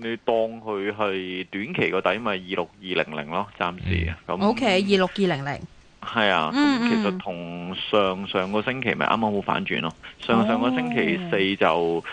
你當佢係短期個底咪二六二零零咯，暫時。咁 O K，二六二零零。係、okay，啊嗯嗯，咁其實同上上個星期咪啱啱好反轉咯。上上個星期四就誒、oh。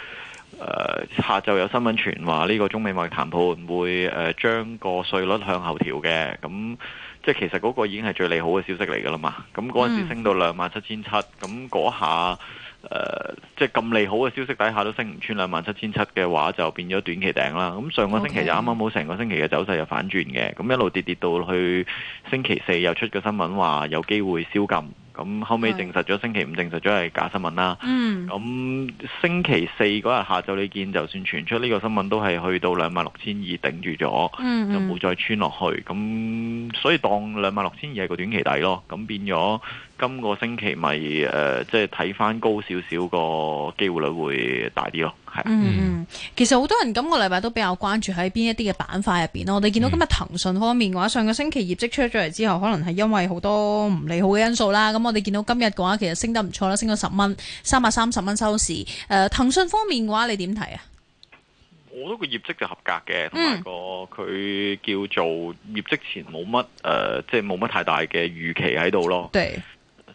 下晝有新聞傳話呢個中美貿易談判會誒將個稅率向後調嘅，咁即係其實嗰個已經係最利好嘅消息嚟噶啦嘛。咁嗰陣時升到兩萬七千七，咁嗰下。誒、呃，即係咁利好嘅消息底下都升唔穿兩萬七千七嘅話，就變咗短期頂啦。咁上個星期就啱啱好成個星期嘅走勢又反轉嘅，咁一路跌，跌到去星期四又出個新聞話有機會宵禁，咁後尾證實咗，星期五證實咗係假新聞啦。咁星期四嗰日下晝你見就傳，就算傳出呢個新聞都係去到兩萬六千二頂住咗，就冇再穿落去。咁所以當兩萬六千二係個短期底咯，咁變咗。今個星期咪誒、呃，即係睇翻高少少個機會率會大啲咯，係。嗯，其實好多人今個禮拜都比較關注喺邊一啲嘅板塊入邊咯。我哋見到今日騰訊方面嘅話，上個星期業績出咗嚟之後，可能係因為好多唔利好嘅因素啦。咁我哋見到今日嘅話，其實升得唔錯啦，升咗十蚊，三百三十蚊收市。誒、呃，騰訊方面嘅話，你點睇啊？我諗個業績就合格嘅，同埋個佢、嗯、叫做業績前冇乜誒，即係冇乜太大嘅預期喺度咯。對。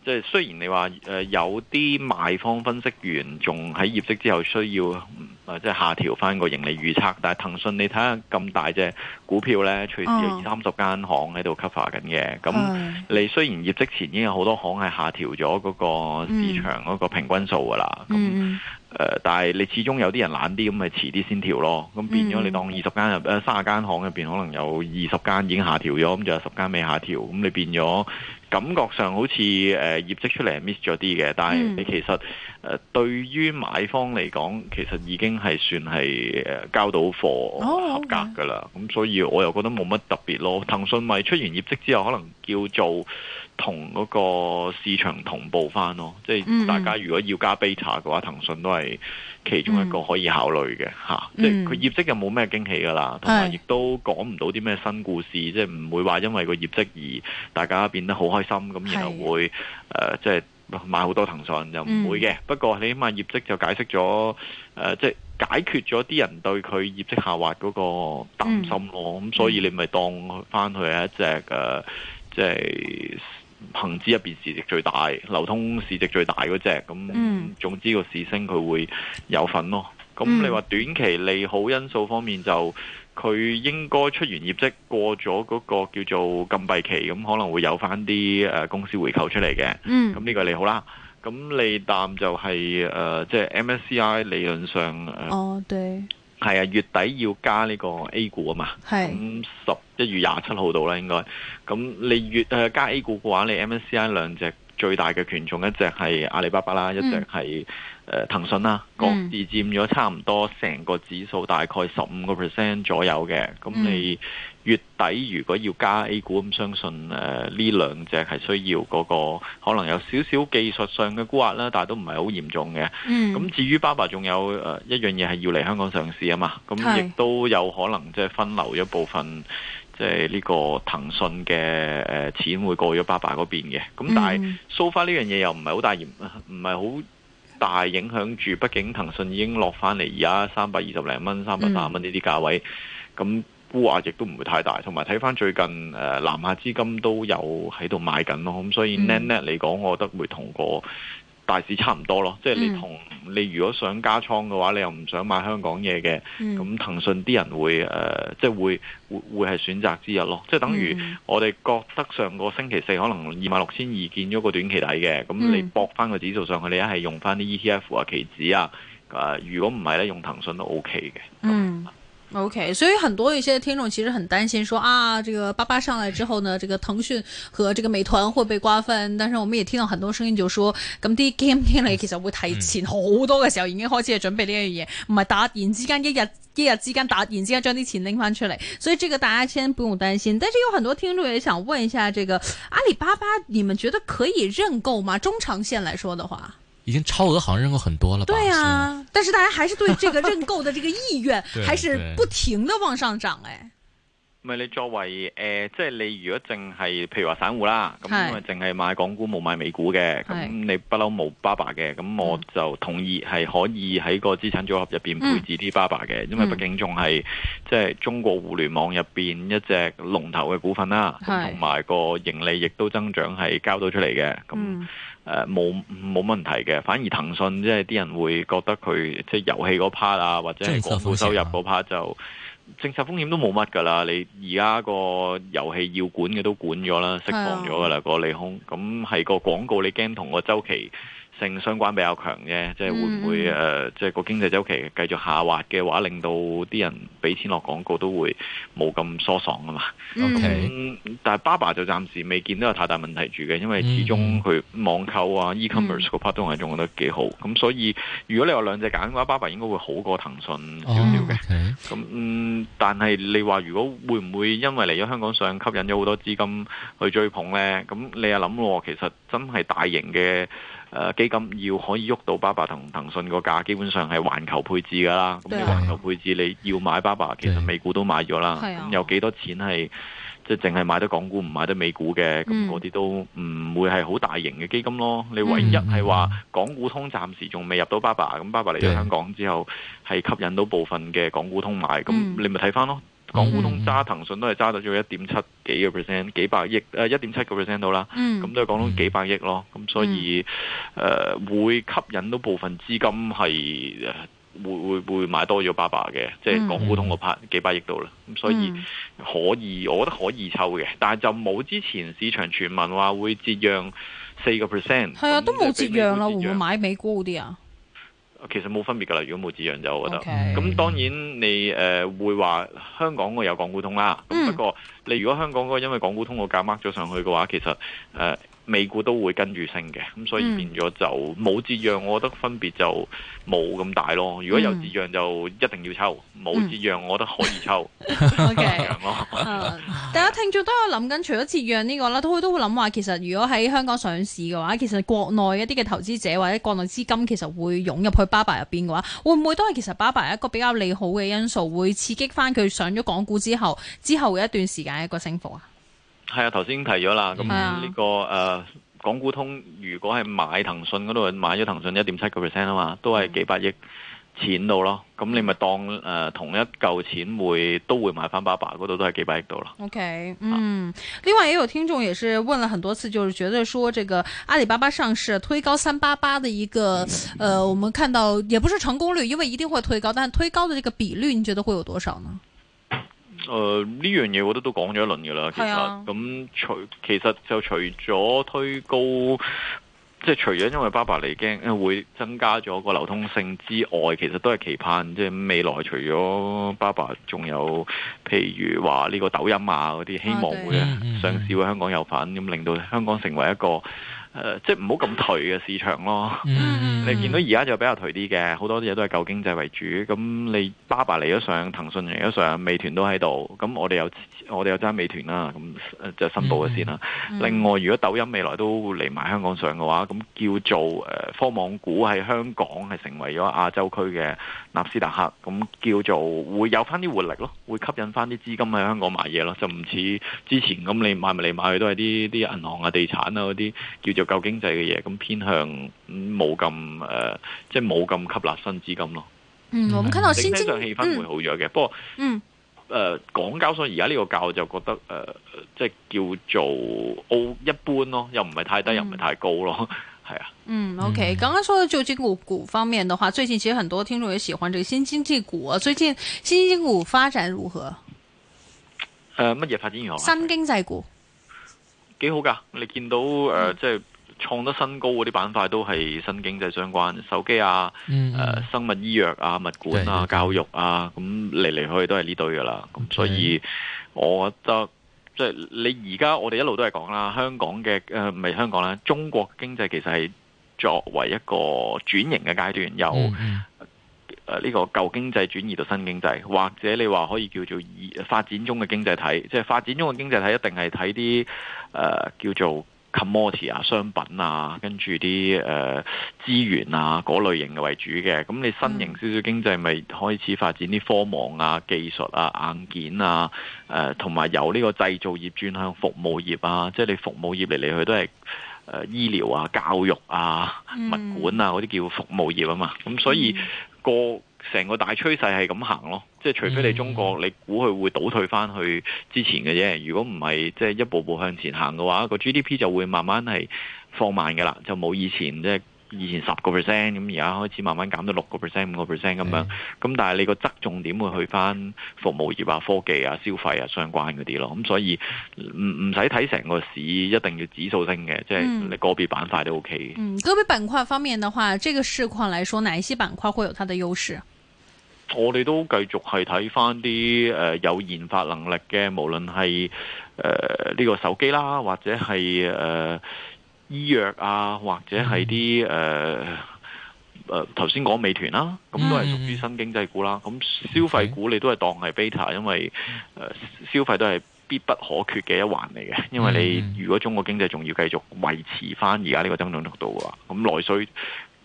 即係雖然你話誒有啲賣方分析員仲喺業績之後需要啊即係下調翻個盈利預測，但係騰訊你睇下咁大隻股票咧，隨時有二三十間行喺度 cover 緊、oh. 嘅。咁你雖然業績前已經有好多行係下調咗嗰個市場嗰個平均數噶啦，咁、mm.。Mm. 呃、但係你始終有啲人懶啲，咁咪遲啲先調咯。咁變咗你當二十間入三十間行入邊可能有二十間已經下調咗，咁就有十間未下調。咁你變咗感覺上好似誒、呃、業績出嚟係 miss 咗啲嘅。但係你其實誒、嗯呃、對於買方嚟講，其實已經係算係誒交到貨合格㗎啦。咁、哦 okay. 嗯、所以我又覺得冇乜特別咯。騰訊咪出完業績之後，可能叫做。同嗰個市場同步翻咯，即係大家如果要加 beta 嘅話、嗯，騰訊都係其中一個可以考慮嘅、嗯啊、即係佢業績又冇咩驚喜㗎啦，同埋亦都講唔到啲咩新故事，即係唔會話因為個業績而大家變得好開心咁，然後會誒即係買好多騰訊又唔會嘅、嗯。不過你起碼業績就解釋咗誒，即、呃、係、就是、解決咗啲人對佢業績下滑嗰個擔心咯。咁、嗯嗯、所以你咪當翻佢係一隻誒，即、呃、係。就是恒指入邊市值最大、流通市值最大嗰隻，咁、嗯、總之個市升佢會有份咯。咁你話短期利好因素方面就，佢應該出完業績，過咗嗰個叫做禁閉期，咁可能會有翻啲誒公司回購出嚟嘅。咁、嗯、呢個利好啦。咁利淡就係、是、誒、即、呃、係、就是、MSCI 理論上誒、呃。哦，對。係啊，月底要加呢個 A 股啊嘛，咁十一月廿七號到啦應該，咁你月誒加 A 股嘅話，你 MSCI 兩隻最大嘅權重，一隻係阿里巴巴啦、嗯，一隻係。誒、uh, 騰訊啦、啊、各自佔咗差唔多成個指數、嗯、大概十五個 percent 左右嘅，咁、嗯、你月底如果要加 A 股，咁相信呢兩隻係需要嗰、那個可能有少少技術上嘅估壓啦，但都唔係好嚴重嘅。咁、嗯、至於巴巴仲有、呃、一樣嘢係要嚟香港上市啊嘛，咁亦都有可能即係分流一部分，即係呢個騰訊嘅錢會過咗巴巴嗰邊嘅。咁但係 So far 呢樣嘢又唔係好大嫌，唔係好。大影響住，畢竟騰訊已經落翻嚟，而家三百二十零蚊，三百三十蚊呢啲價位，咁估壓亦都唔會太大。同埋睇翻最近，呃、南下資金都有喺度買緊咯，咁所以 net net 嚟講，我覺得會同過。嗯大市差唔多咯，即係你同你如果想加倉嘅話，你又唔想買香港嘢嘅，咁、嗯、騰訊啲人會、呃、即係會會會係選擇之一咯。即係等於我哋覺得上個星期四可能二萬六千二見咗個短期底嘅，咁、嗯、你搏翻個指數上去，你一係用翻啲 ETF 啊期指啊，呃、如果唔係咧，用騰訊都 OK 嘅。嗯 OK，所以很多一些聽眾其實很擔心說，說啊，這個巴巴上來之後呢，這個騰訊和這個美團會被瓜分。但是我們也聽到很多聲音就說，咁啲 game company 其實會提前好多嘅時候已經開始去準備呢樣嘢，唔係突然之間一日一日之間突然之間將啲錢拎翻出嚟，所以這個大家先不用擔心。但是有很多聽眾也想問一下，這個阿里巴巴，你們覺得可以認購嗎？中長線來說的話？已經超額，好像認購很多了吧？對啊，但是大家還是對這個認購的這個意願，還是不停的往上漲誒 。唔係你作為誒、呃，即係你如果淨係，譬如話散戶啦，咁咪淨係買港股冇買美股嘅，咁你不嬲冇 BABA 嘅，咁我就同意係可以喺個資產組合入邊配置啲 BABA 嘅，因為畢竟仲係即係中國互聯網入邊一隻龍頭嘅股份啦，同埋個盈利亦都增長係交到出嚟嘅，咁、嗯。誒，冇冇問題嘅。反而騰訊即係啲人會覺得佢即係遊戲嗰 part 啊，或者係廣告收入嗰 part 就政策風險都冇乜噶啦。你而家個遊戲要管嘅都管咗啦，釋放咗噶啦個利空。咁係、啊、個廣告你驚同個周期正相關比較強嘅，即、就、係、是、會唔會誒？即係個經濟周期繼續下滑嘅話，令到啲人俾錢落廣告都會冇咁疏爽啊嘛。Okay. 但係 BABA 就暫時未見到有太大問題住嘅，因為始終佢網購啊、嗯、e-commerce 嗰 part 都係做得幾好。咁、嗯、所以，如果你話兩隻揀嘅話 BABA 應該會好過騰訊少少嘅。咁、oh, okay. 嗯、但係，你話如果會唔會因為嚟咗香港上吸引咗好多資金去追捧呢？咁你又諗喎，其實真係大型嘅。誒、呃，基金要可以喐到巴巴同騰訊個價，基本上係環球配置噶啦。咁你環球配置，你要買巴巴，其實美股都買咗啦。咁有幾多錢係即淨係買得港股，唔買得美股嘅？咁嗰啲都唔會係好大型嘅基金咯。你唯一係話港股通暫時仲未入到巴巴，咁巴巴嚟咗香港之後，係吸引到部分嘅港股通買。咁你咪睇翻咯。港股通揸騰訊都係揸到咗一點七幾個 percent，幾百億誒一點七個 percent 到啦，咁都係講到幾百億咯，咁、嗯嗯、所以誒、呃、會吸引到部分資金係、呃、會會會買多咗八百嘅，即係港股通個 part 幾百億到啦，咁所以可以、嗯，我覺得可以抽嘅，但係就冇之前市場傳聞話會折讓四個 percent，係啊，都冇折讓啦，會唔會買美股嗰啲啊？其實冇分別㗎啦，如果冇指樣就我覺得。咁、okay. 當然你誒、呃、會話香港個有港股通啦。Mm. 不過你如果香港個因為港股通個價掹咗上去嘅話，其實誒。呃美股都會跟住升嘅，咁所以變咗就冇折、嗯、讓，我覺得分別就冇咁大咯。如果有折讓，就一定要抽；冇、嗯、折讓，我覺得可以抽。嗯、 OK，樣 大家聽眾都有諗緊，除咗折讓呢、呢個啦，都都會諗話，其實如果喺香港上市嘅話，其實國內一啲嘅投資者或者國內資金，其實會湧入去巴巴入邊嘅話，會唔會都係其實巴巴係一個比較利好嘅因素，會刺激翻佢上咗港股之後之後嘅一段時間一個升幅啊？係啊，頭先提咗啦，咁、嗯、呢、這個誒、嗯呃，港股通如果係買騰訊嗰度，買咗騰訊一點七個 percent 啊嘛，都係幾百億錢度咯。咁、嗯、你咪當誒、呃、同一嚿錢會都會買翻爸爸嗰度，都係幾百億度咯。OK，嗯、啊，另外也有聽眾也是問了很多次，就是覺得說，這個阿里巴巴上市推高三八八的一個，嗯、呃我們看到也不是成功率，因為一定會推高，但推高的這個比率，你覺得會有多少呢？誒，呢樣嘢，我都都講咗一輪嘅啦。其實咁、啊嗯、除，其實就除咗推高，即係除咗因為爸爸嚟驚，會增加咗個流通性之外，其實都係期盼即係未來除爸爸，除咗爸爸，仲有譬如話呢個抖音啊嗰啲，希望會上市會香港有份，咁令到香港成為一個。誒、呃，即唔好咁頹嘅市場咯。Mm-hmm. 你見到而家就比較頹啲嘅，好多啲嘢都係舊經濟為主。咁你巴爸嚟咗上，騰訊嚟咗上，美團都喺度。咁我哋有我哋有揸美團啦。咁就申報咗先啦。Mm-hmm. 另外，如果抖音未來都會嚟埋香港上嘅話，咁叫做誒、呃、科網股喺香港係成為咗亞洲區嘅納斯達克。咁叫做會有翻啲活力咯，會吸引翻啲資金喺香港買嘢咯。就唔似之前咁，你買咪嚟買去都係啲啲銀行啊、地產啊嗰啲叫做。就夠經濟嘅嘢，咁偏向冇咁誒，即係冇咁吸納新資金咯。嗯，我們聽到新經濟氣氛會好咗嘅、嗯，不過，嗯，誒、呃，港交所而家呢個教就覺得誒、呃，即係叫做澳一般咯，又唔係太低，嗯、又唔係太高咯，係、嗯、啊。嗯，OK，剛剛說到就經過股，股方面的話，最近其實很多聽眾也喜歡這個新經濟股、啊，最近新經濟股發展如何？誒、呃，乜嘢發展如何？新經濟股幾好噶，你見到誒，即、呃、係。嗯創得新高嗰啲板塊都係新經濟相關，手機啊、嗯呃，生物醫藥啊，物管啊、嗯，教育啊，咁嚟嚟去去都係呢堆噶啦。咁、okay。所以，我覺得即係你而家我哋一路都係講啦，香港嘅誒唔係香港啦，中國經濟其實係作為一個轉型嘅階段，由誒、嗯、呢、呃呢個舊經濟轉移到新經濟，或者你話可以叫做以發展中嘅經濟體，即係發展中嘅經濟體一定係睇啲誒叫做。commodity 啊、商品啊、跟住啲誒資源啊嗰類型嘅為主嘅，咁你新型少少經濟咪開始發展啲科網啊、技術啊、硬件啊，誒同埋由呢個製造業轉向服務業啊，即係你服務業嚟嚟去都係誒醫療啊、教育啊、物管啊嗰啲叫服務業啊嘛，咁所以個。成個大趨勢係咁行咯，即係除非你中國，嗯、你估佢會倒退翻去之前嘅啫。如果唔係，即係一步步向前行嘅話，個 GDP 就會慢慢係放慢嘅啦，就冇以前即係以前十個 percent 咁，而家開始慢慢減到六個 percent 五個 percent 咁樣。咁、嗯、但係你個側重點會去翻服務業啊、科技啊、消費啊相關嗰啲咯。咁所以唔唔使睇成個市，一定要指數升嘅、嗯，即係你個別板塊都 OK。嗯，個別板塊方面的話，這個市況來說，哪一些板塊會有它的優勢？我哋都繼續係睇翻啲誒有研發能力嘅，無論係誒呢個手機啦，或者係、呃、醫藥啊，或者係啲誒誒頭先講美團啦、啊，咁、嗯嗯、都係屬於新經濟股啦。咁、嗯、消費股你都係當係 beta，因為、嗯呃、消費都係必不可缺嘅一環嚟嘅。因為你、嗯、如果中國經濟仲要繼續維持翻而家呢個增長速度嘅話，咁內需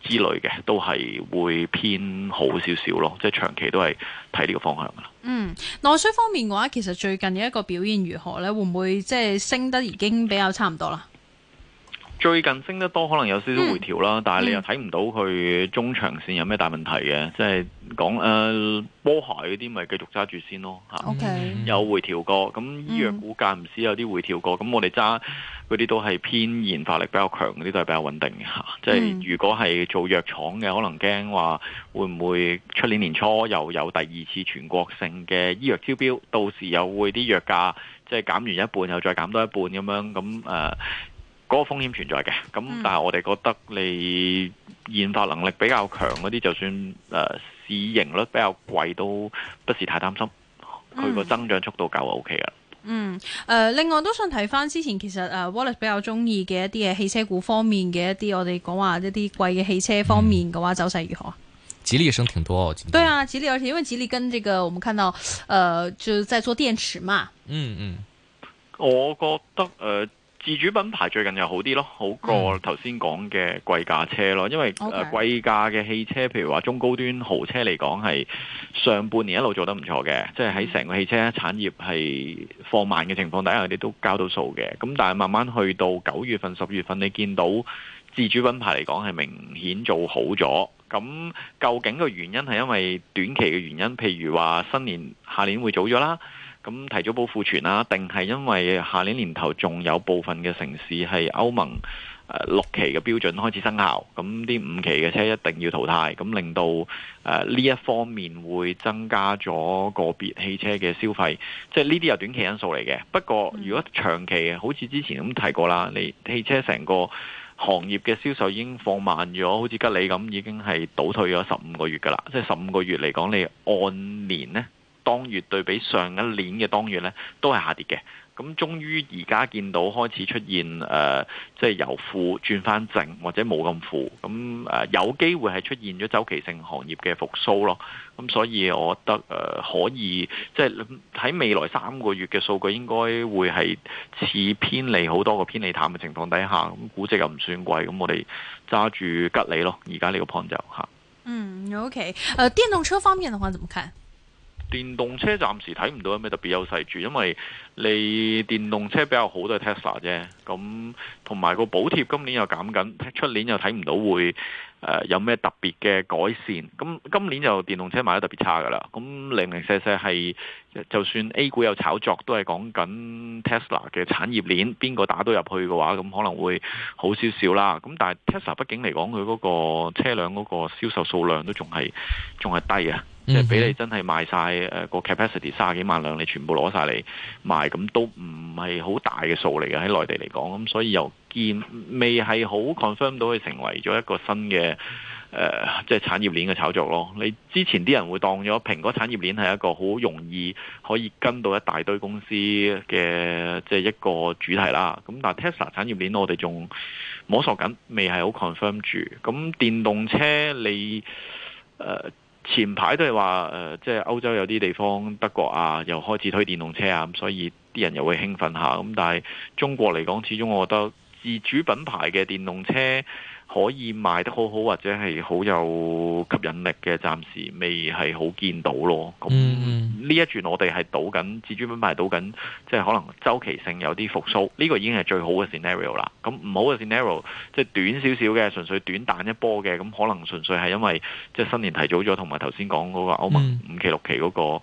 之類嘅都係會偏好少少咯，即係長期都係睇呢個方向嘅啦。嗯，內需方面嘅話，其實最近嘅一個表現如何咧？會唔會即係升得已經比較差唔多啦？最近升得多，可能有少少回調啦，嗯，但係你又睇唔到佢中長線有咩大問題嘅，嗯，即係講誒波鞋嗰啲咪繼續揸住先咯吓。有，okay. 回調過，咁醫藥股價唔少有啲回調過，咁，嗯，我哋揸嗰啲都係偏研發力比較強嗰啲，都係比較穩定吓，嗯。即係如果係做藥廠嘅，可能驚話會唔會出年年初又有第二次全國性嘅醫藥招標，到時又會啲藥價即係減完一半，又再減多一半咁樣咁誒。嗰、那個風險存在嘅，咁但係我哋覺得你研發能力比較強嗰啲，就算誒、呃、市盈率比較貴，都不是太擔心。佢個增長速度夠 O K 嘅。嗯，誒、呃，另外都想提翻之前其實誒、啊、Wallace 比較中意嘅一啲嘅汽車股方面嘅一啲，我哋講話一啲貴嘅汽車方面嘅話、嗯，走勢如何啊？吉利升挺多哦，對啊，吉利而且因為吉利跟這個，我們看到誒、呃、就是在做電池嘛。嗯嗯，我覺得誒。呃自主品牌最近又好啲咯，好過頭先講嘅貴價車咯，因為貴價嘅汽車譬如話中高端豪車嚟講，係上半年一路做得唔錯嘅，即係喺成個汽車產業係放慢嘅情況底下，佢哋都交到數嘅。咁但係慢慢去到九月份、十月份，你見到自主品牌嚟講，係明顯做好咗。咁究竟個原因係因為短期嘅原因，譬如話新年、下年會早咗啦。咁提早補庫存啦，定係因為下年年頭仲有部分嘅城市係歐盟、呃、六期嘅標準開始生效，咁啲五期嘅車一定要淘汰，咁令到呢一方面會增加咗個別汽車嘅消費，即係呢啲係短期因素嚟嘅。不過如果長期嘅，好似之前咁提過啦，你汽車成個行業嘅銷售已經放慢咗，好似吉利咁已經係倒退咗十五個月噶啦，即係十五個月嚟講，你按年呢。當月對比上一年嘅當月呢，都係下跌嘅。咁終於而家見到開始出現誒，即、呃、係、就是、由負轉返正或者冇咁負，咁誒、呃、有機會係出現咗周期性行業嘅復甦咯。咁所以我覺得誒、呃、可以，即係喺未來三個月嘅數據應該會係似偏離好多個偏離淡嘅情況底下，咁估值又唔算貴，咁我哋揸住吉利咯。而家呢個 point 就吓、啊。嗯，OK，誒、uh,，電動車方面嘅話，怎麼看？電動車暫時睇唔到有咩特別優勢住，因為你電動車比較好都係 Tesla 啫。咁同埋個補貼今年又減緊，出年又睇唔到會、呃、有咩特別嘅改善。咁今年就電動車賣得特別差噶啦。咁零零舍舍係就算 A 股，有炒作，都係講緊 Tesla 嘅產業鏈，邊個打都入去嘅話，咁可能會好少少啦。咁但係 Tesla 畢竟嚟講，佢嗰個車輛嗰個銷售數量都仲係仲係低啊。嗯、即係俾你真係賣晒誒、呃那個 capacity 三十幾萬兩，你全部攞晒嚟賣，咁都唔係好大嘅數嚟嘅喺內地嚟講，咁所以又見未係好 confirm 到佢成為咗一個新嘅誒、呃，即係產業鏈嘅炒作咯。你之前啲人會當咗蘋果產業鏈係一個好容易可以跟到一大堆公司嘅即係一個主題啦。咁但係 Tesla 產業鏈我哋仲摸索緊，未係好 confirm 住。咁電動車你誒。呃前排都係話誒，即係歐洲有啲地方，德國啊，又開始推電動車啊，咁所以啲人又會興奮下咁，但係中國嚟講，始終我覺得自主品牌嘅電動車，可以賣得好好或者係好有吸引力嘅，暫時未係好見到咯。咁、mm-hmm. 呢一轉我哋係賭緊自主品牌賭緊，即係可能周期性有啲復甦。呢、這個已經係最好嘅 scenario 啦。咁唔好嘅 scenario，即係短少少嘅，純粹短彈一波嘅，咁可能純粹係因為即係新年提早咗，同埋頭先講嗰個歐盟五期六期嗰、那個。Mm-hmm.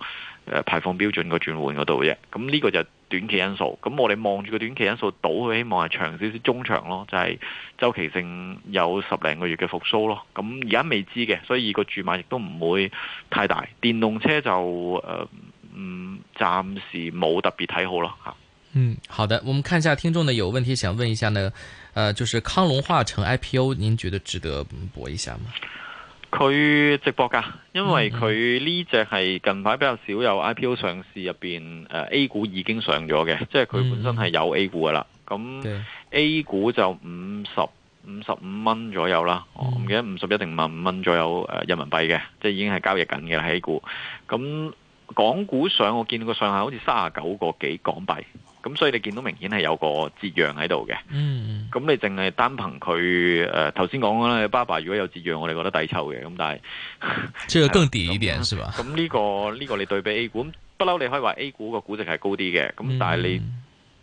誒，排放標準個轉換嗰度啫，咁呢個就短期因素。咁我哋望住個短期因素，倒佢希望係長少少、中長咯，就係、是、周期性有十零個月嘅復甦咯。咁而家未知嘅，所以個注碼亦都唔會太大。電動車就誒，嗯、呃，暫時冇特別睇好咯吓。嗯，好的，我們看一下聽眾呢，有個問題想問一下呢，誒、呃，就是康龍化成 IPO，您覺得值得博一下嗎？佢直播噶，因為佢呢隻係近排比較少有 IPO 上市入邊，誒 A 股已經上咗嘅，即係佢本身係有 A 股噶啦。咁 A 股就五十、五十五蚊左右啦，我唔、嗯、記得五十一定五十五蚊左右誒人民幣嘅，即係已經係交易緊嘅啦喺 A 股。咁港股上我見到個上限好似卅九個幾港幣。咁、嗯、所以你見到明顯係有個節揚喺度嘅，咁、嗯嗯、你淨係單憑佢誒頭先講啦巴爸如果有節揚，我哋覺得抵湊嘅。咁但係，這個更底一點 是吧？咁呢、這個呢、這個你對比 A 股，不嬲你可以話 A 股個估值係高啲嘅。咁但係你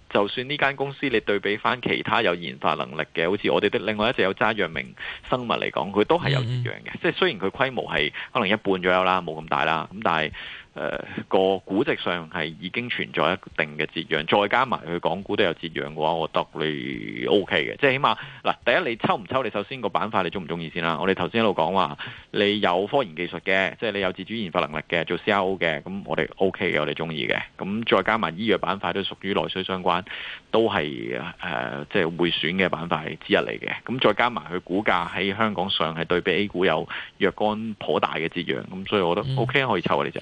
就算呢間公司，你對比翻其他有研發能力嘅，好似我哋的另外一隻有揸藥明生物嚟講，佢都係有節樣嘅。即、嗯、係雖然佢規模係可能一半咗右啦，冇咁大啦，咁但係。誒、呃、個估值上係已經存在一定嘅折讓，再加埋佢港股都有折讓嘅話，我覺得你 O K 嘅，即係起碼嗱，第一你抽唔抽？你首先個板塊你中唔中意先啦、啊？我哋頭先一路講話，你有科研技術嘅，即係你有自主研發能力嘅，做 C R O 嘅，咁我哋 O K 嘅，我哋中意嘅。咁再加埋醫藥板塊都屬於內需相關，都係、呃、即係會選嘅板塊之一嚟嘅。咁再加埋佢股價喺香港上係對比 A 股有若干頗大嘅折讓，咁所以我覺得 O、OK，K、嗯、可以抽啊呢隻。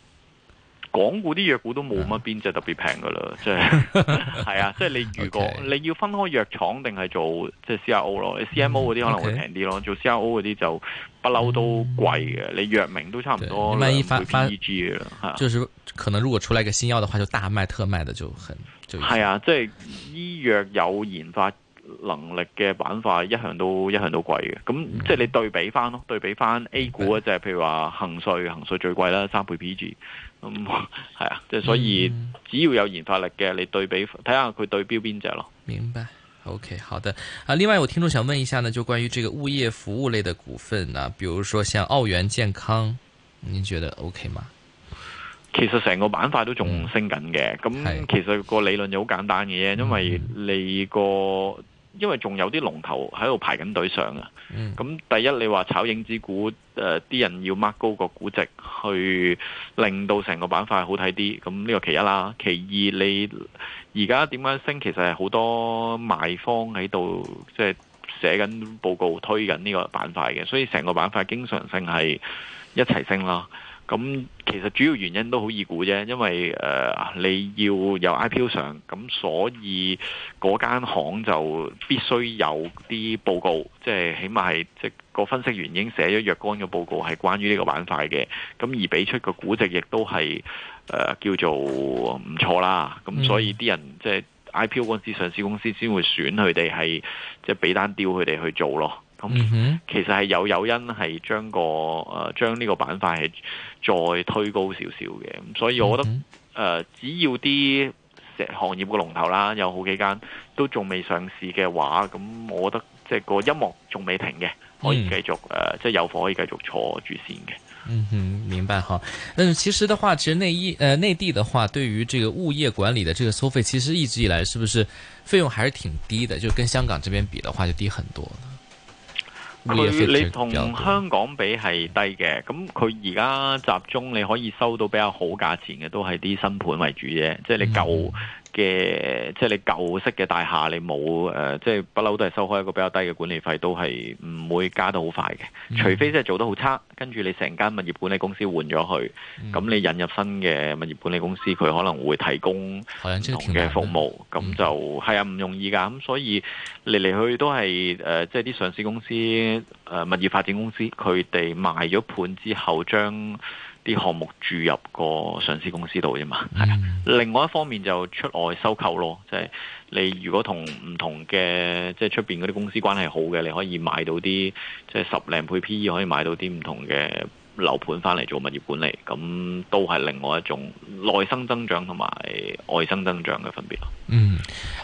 港股啲藥股都冇乜邊隻特別平，噶啦，即係係啊，即係你如果你要分開藥廠定係做即係 C R O 咯，C M O 嗰啲可能會平啲咯，okay. 做 C R O 嗰啲就不嬲都貴嘅。嗯，你藥明都差唔多，萬一翻翻 G 就是可能如果出來一個新藥嘅話，就大賣特賣的就很就係啊，即係醫藥有研發能力嘅板塊一向都一向都貴嘅，咁即係你對比翻咯，對比翻 A 股啊，就係譬如話恒瑞恒瑞最貴啦，三倍 P E G。咁 係啊，即係所以，只要有研發力嘅，你對比睇下佢對標邊隻咯。明白。OK，好的。啊，另外我聽眾想問一下呢，就關於這個物業服務類的股份啊，比如說像澳元健康，你覺得 OK 嗎？其實成個板塊都仲升緊嘅。咁、嗯、其實個理論就好簡單嘅啫，因為你個。嗯因為仲有啲龍頭喺度排緊隊上啊，咁第一你話炒影子股，啲、呃、人要 mark 高個估值，去令到成個板塊好睇啲，咁呢個其一啦。其二，你而家點樣升？其實係好多賣方喺度，即係寫緊報告推緊呢個板塊嘅，所以成個板塊經常性係一齊升啦。咁其實主要原因都好易估啫，因為誒、呃、你要有 IPO 上，咁所以嗰間行就必須有啲報告，即、就、係、是、起碼係即個分析員已經寫咗若干嘅報告係關於呢個板塊嘅，咁而俾出個估值亦都係誒叫做唔錯啦，咁所以啲人即、就是、IPO 公司上市公司先會選佢哋係即俾單丟佢哋去做咯。咁、嗯、其實係有誘因係將個誒、呃，將呢個板塊係再推高少少嘅。咁所以我覺得誒、嗯呃，只要啲石行業嘅龍頭啦，有好幾間都仲未上市嘅話，咁我覺得即係個音樂仲未停嘅，可以繼續誒、呃，即係有貨可以繼續坐住先嘅。嗯嗯，明白哈。但其實的話，其實內衣誒、呃、內地的話，對於這個物業管理的這個收費，其實一直以來是不是費用還是挺低的？就跟香港這邊比的話，就低很多。佢你同香港比係低嘅，咁佢而家集中你可以收到比較好價錢嘅，都係啲新盤為主啫，即係你舊。嗯嘅即係你舊式嘅大廈，你冇誒、呃，即係不嬲都係收開一個比較低嘅管理費，都係唔會加得好快嘅。除非即係做得好差，跟住你成間物業管理公司換咗佢，咁、嗯、你引入新嘅物業管理公司，佢可能會提供唔同嘅服務，咁就係啊唔容易㗎。咁所以嚟嚟去去都係誒、呃，即係啲上市公司、誒、呃、物業發展公司，佢哋賣咗盤之後將，啲項目注入個上市公司度啫嘛，係啊。另外一方面就出外收購咯，即係你如果同唔同嘅即係出面嗰啲公司關係好嘅，你可以買到啲即係十零倍 P E 可以買到啲唔同嘅。樓盤翻嚟做物業管理，咁都係另外一種內生增長同埋外生增長嘅分別。嗯，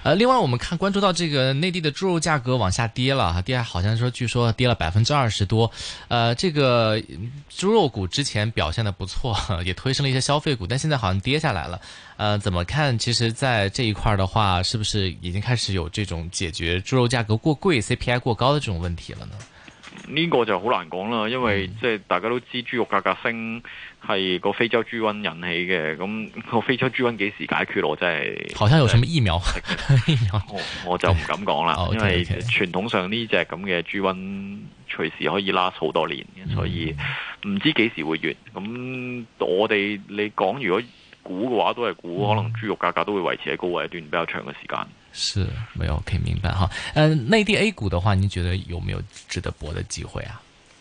呃另外我們看關注到這個內地的豬肉價格往下跌了，跌下，好像說據說跌了百分之二十多。呃這個豬肉股之前表現得不錯，也推升了一些消費股，但現在好像跌下來了。呃怎麼看？其實，在這一塊的話，是不是已經開始有這種解決豬肉價格過貴、CPI 過高的這種問題了呢？呢、這個就好難講啦，因為即係大家都知豬肉價格升係個非洲豬瘟引起嘅，咁個非洲豬瘟幾時解決落真係？好像有什麼疫苗？我，我就唔敢講啦，okay, okay. 因為傳統上呢隻咁嘅豬瘟隨時可以 last 好多年，所以唔知幾時會完。咁我哋你講，如果估嘅話，都係估可能豬肉價格都會維持喺高位一段比較長嘅時間。是沒有可以明白哈，嗯、啊，內地 A 股的話，你覺得有沒有值得搏的機會啊？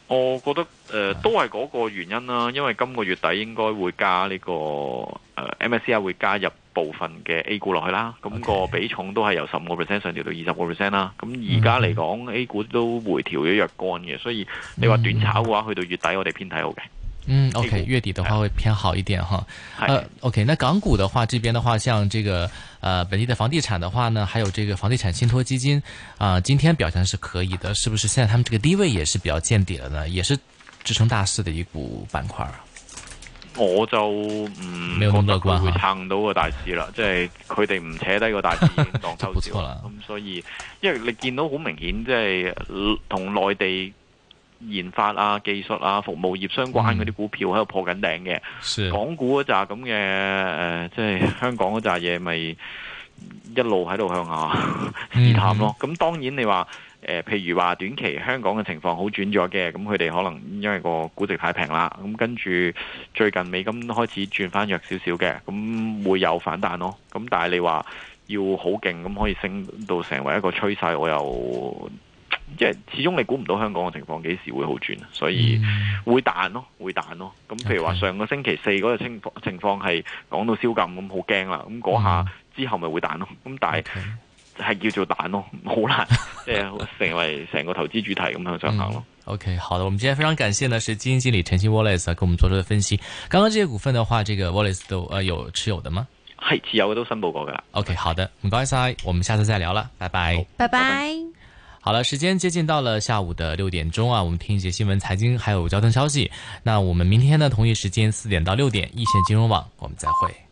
我覺得誒、呃，都係嗰個原因啦，因為今個月底應該會加呢、這個誒、呃、MSCI 會加入部分嘅 A 股落去啦，咁、那個比重都係由十五個 percent 上調到二十個 percent 啦，咁而家嚟講 A 股都回調咗若干嘅，所以你話短炒嘅話，去到月底我哋偏睇好嘅。嗯，OK，月底的話會偏好一點哈。呃、啊、OK，那港股的話，這邊的話，像這個，呃，本地的房地產的話呢，還有這個房地產信託基金，啊、呃，今天表現是可以的，是不是？現在他們這個低位也是比較見底了呢？也是支撐大市的一股板塊啊。我就嗯，冇咁樂觀會撐到個大市啦，即係佢哋唔扯低個大市當就唔錯啦。咁所以，因為你見到好明顯，即係同內地。研發啊、技術啊、服務業相關嗰啲股票喺度破緊頂嘅、嗯，港股嗰扎咁嘅誒，即係香港嗰扎嘢，咪一路喺度向下試 探咯。咁、嗯嗯、當然你話誒、呃，譬如話短期香港嘅情況好轉咗嘅，咁佢哋可能因為個估值太平啦，咁跟住最近美金開始轉翻弱少少嘅，咁會有反彈咯。咁但係你話要好勁，咁可以升到成為一個趨勢，我又。即係始終你估唔到香港嘅情況幾時會好轉，所以會彈咯、哦嗯，會彈咯、哦。咁、哦、譬如話上個星期四嗰個情情況係講、okay. 到燒緊咁，好驚啦。咁嗰下之後咪會彈咯、哦。咁但係係、okay. 叫做彈咯、哦，好難即係、 呃、成為成個投資主題咁樣咁行咯、嗯。OK，好的，我們今天非常感謝呢，是基金經理陳昕 Wallace 跟我們做出嘅分析。剛剛這些股份的話，這個 Wallace 都有持有的嗎？係持有嘅都申報過噶啦。OK，好的，唔該晒，我們下次再聊啦，拜拜，拜拜。Bye bye. Bye bye. 好了，時間接近到了下午的六點鐘啊，我們聽一些新聞、財經還有交通消息。那我們明天的同一時間四點到六點，易線金融網，我們再會。